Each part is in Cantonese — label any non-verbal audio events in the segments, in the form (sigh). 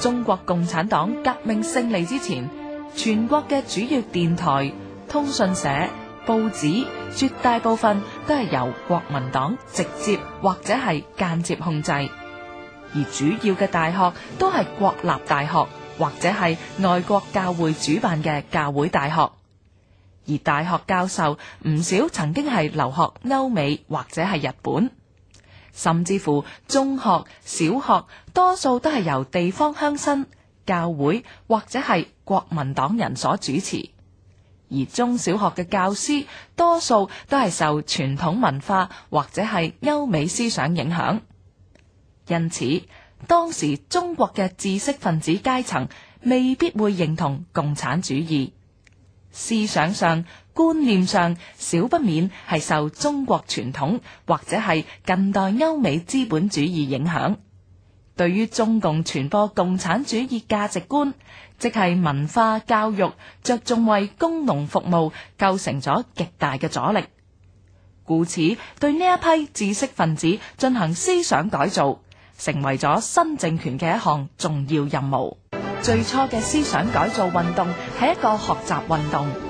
中國共產黨革命勝利之前，全國嘅主要電台、通訊社、報紙，絕大部分都係由國民黨直接或者係間接控制；而主要嘅大學都係國立大學或者係外國教會主辦嘅教會大學，而大學教授唔少曾經係留學歐美或者係日本。甚至乎中學、小學多數都係由地方鄉紳、教會或者係國民黨人所主持，而中小學嘅教師多數都係受傳統文化或者係歐美思想影響，因此當時中國嘅知識分子階層未必會認同共產主義思想上，觀念上少不免係受中國傳統或者係近代歐美資本主義影響對於中共傳播共產主義價值觀即係文化教育着重為工農服務構成咗極大嘅阻力故此對呢一批知識分子進行思想改造成為咗新政權嘅一項重要任務最初嘅思想改造運動係一個學習運動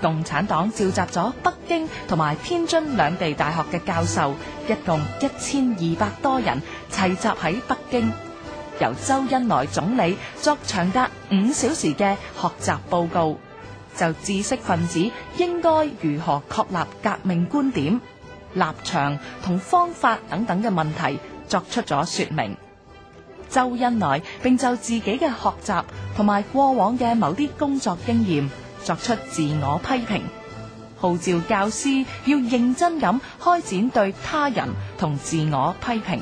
共產黨召集咗北京同埋天津兩地大學嘅教授，一共一千二百多人，齊集喺北京，由周恩來總理作長達五小時嘅學習報告，就知識分子應該如何確立革命觀點、立場同方法等等嘅問題作出咗說明。周恩來並就自己嘅學習同埋過往嘅某啲工作經驗。作出自我批評，號召教師要認真咁開展對他人同自我批評，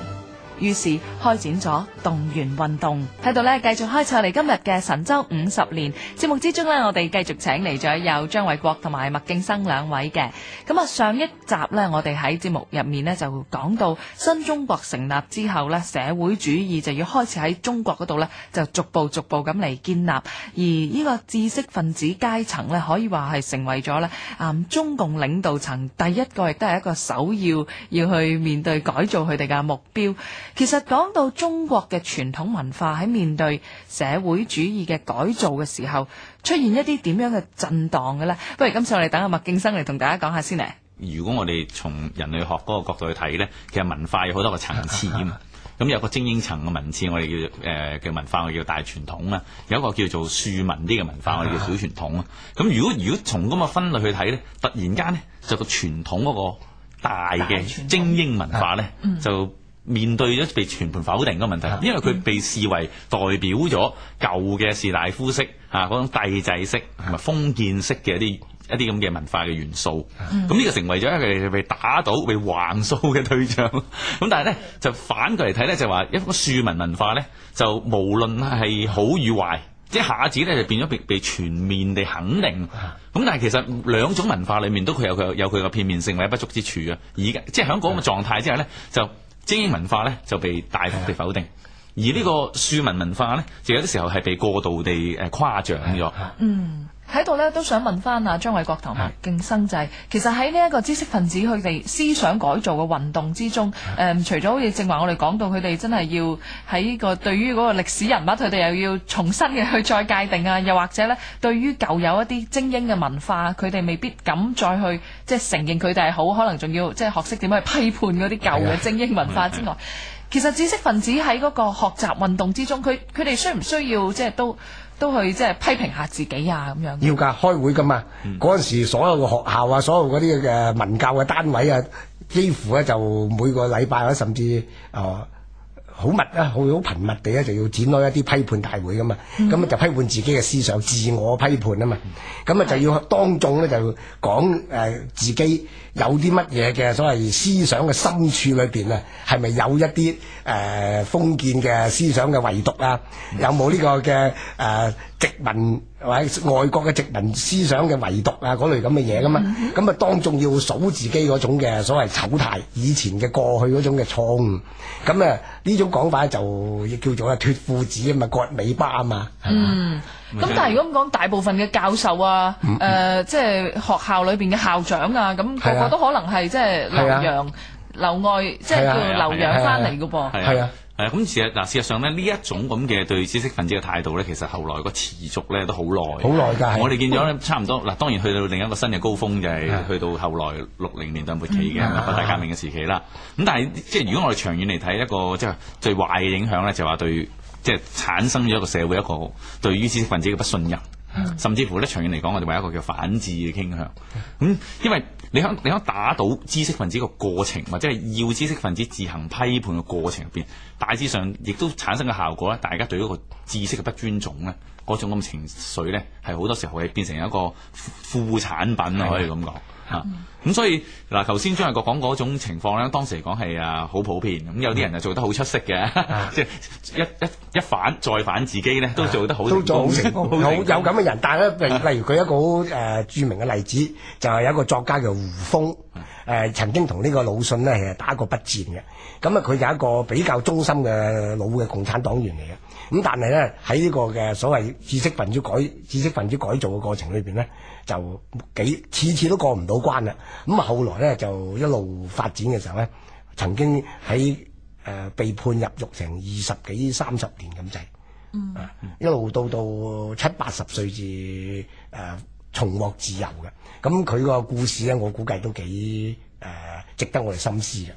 於是開展咗。動員運動喺度咧，繼續開始嚟。今日嘅神州五十年節目之中呢，我哋繼續請嚟咗有張偉國同埋麥敬生兩位嘅。咁啊，上一集呢，我哋喺節目入面呢，就講到新中國成立之後呢，社會主義就要開始喺中國嗰度呢，就逐步逐步咁嚟建立，而呢個知識分子階層呢，可以話係成為咗，咧啊中共領導層第一個亦都係一個首要要去面對改造佢哋嘅目標。其實講到中國嘅嘅傳統文化喺面對社會主義嘅改造嘅時候，出現一啲點樣嘅震盪嘅咧？不如今次我哋等阿麥敬生嚟同大家講下先咧。如果我哋從人類學嗰個角度去睇咧，其實文化有好多個層次噶嘛。咁 (laughs) 有個精英層嘅文字，我哋叫誒嘅文化，我哋叫大傳統啊。有一個叫做庶民啲嘅文化，我哋叫小傳統啊。咁如果如果從咁嘅分類去睇咧，突然間咧就個傳統嗰個大嘅精英文化咧 (laughs) (laughs) 就。面對咗被全盤否定個問題，因為佢被視為代表咗舊嘅士大夫式啊嗰種帝制式同埋、嗯、封建式嘅一啲一啲咁嘅文化嘅元素，咁呢、嗯、個成為咗一個被打倒、被橫掃嘅對象。咁但係咧，就反過嚟睇咧，就話一個庶民文化咧，就無論係好與壞，即一下子咧就變咗被被全面地肯定。咁但係其實兩種文化裏面都佢有佢有佢個片面性或者不足之處啊。而家即係喺嗰個狀態之下咧，就。精英文化咧就被大幅地否定，而呢個庶民文化咧，就有啲時候係被過度地誒誇獎咗。嗯。 (noise) (noise) 喺度咧都想問翻阿張偉國同埋競爭制，其實喺呢一個知識分子佢哋思想改造嘅運動之中，誒、嗯、除咗好似正話我哋講到佢哋真係要喺、呢個對於嗰個歷史人物，佢哋又要重新嘅去再界定啊，又或者咧對於舊有一啲精英嘅文化，佢哋未必敢再去即係、就是、承認佢哋係好，可能仲要即係、就是、學識點樣去批判嗰啲舊嘅精英文化之外。其實知識分子喺嗰個學習運動之中，佢佢哋需唔需要即係都都去即係批評下自己啊咁樣？要㗎，開會㗎嘛。嗰陣、嗯、時所有嘅學校啊，所有嗰啲嘅文教嘅單位啊，幾乎咧就每個禮拜啊，甚至誒。呃好密啊，好好頻密地咧就要展開一啲批判大會噶嘛，咁啊、嗯、就批判自己嘅思想，自我批判啊嘛，咁啊、嗯、就要當眾咧就講誒、呃、自己有啲乜嘢嘅所謂思想嘅深處裏邊啊，係咪有一啲誒、呃、封建嘅思想嘅遺毒啊？有冇呢、呢個嘅誒、呃、殖民，或者外國嘅殖民思想嘅遺毒啊，嗰類咁嘅嘢噶嘛，咁啊當眾要數自己嗰種嘅所謂醜態，以前嘅過去嗰種嘅錯誤，咁啊呢種講法就亦叫做啊脫褲子啊嘛，割尾巴啊嘛。嗯，咁但係如果講大部分嘅教授啊，誒，即係學校裏邊嘅校長啊，咁個個都可能係即係留洋、留外，即係叫留洋翻嚟噶噃。係啊。誒，咁事實嗱，事實上咧，呢一種咁嘅對知識分子嘅態度咧，其實後來個持續咧都好耐。好耐㗎，我哋見咗咧，差唔多嗱。當然去到另一個新嘅高峰、就是，就係是的 去到後來六零年代末期嘅、嗯、文化大革命嘅時期啦。咁但係即係如果我哋長遠嚟睇一個即係、就是、最壞嘅影響咧，就話、是、對即係、就是、產生咗一個社會一個對於知識分子嘅不信任。甚至乎咧，長遠嚟講，我哋話一個叫反智嘅傾向。咁因為你可你可打倒知識分子個過程，或者係要知識分子自行批判嘅過程入邊，大致上亦都產生嘅效果咧，大家對一個知識嘅不尊重咧，嗰種咁情緒咧，係好多時候可以變成一個副產品可以咁講嚇。咁所以嗱，頭先張立國講嗰種情況咧，當時嚟講係啊好普遍。咁有啲人又做得好出色嘅，即係一一一反再反自己咧，都做得好成功，有有咁嘅。但係咧，例例如佢一個好誒、呃、著名嘅例子，就係、是、有一個作家叫胡風，誒、呃、曾經同呢個魯迅咧係打過筆戰嘅。咁、呃、啊，佢就係一個比較忠心嘅老嘅共產黨員嚟嘅。咁但係咧喺呢個嘅所謂知識分子改知識分子改造嘅過程裏邊呢，就幾次次都過唔到關啦。咁、呃、啊，後來呢，就一路發展嘅時候呢，曾經喺誒、呃、被判入獄成二十幾三十年咁滯。嗯、一路到到七八十歲至誒重獲自由嘅。咁佢個故事咧，我估計都幾誒、呃、值得我哋深思嘅。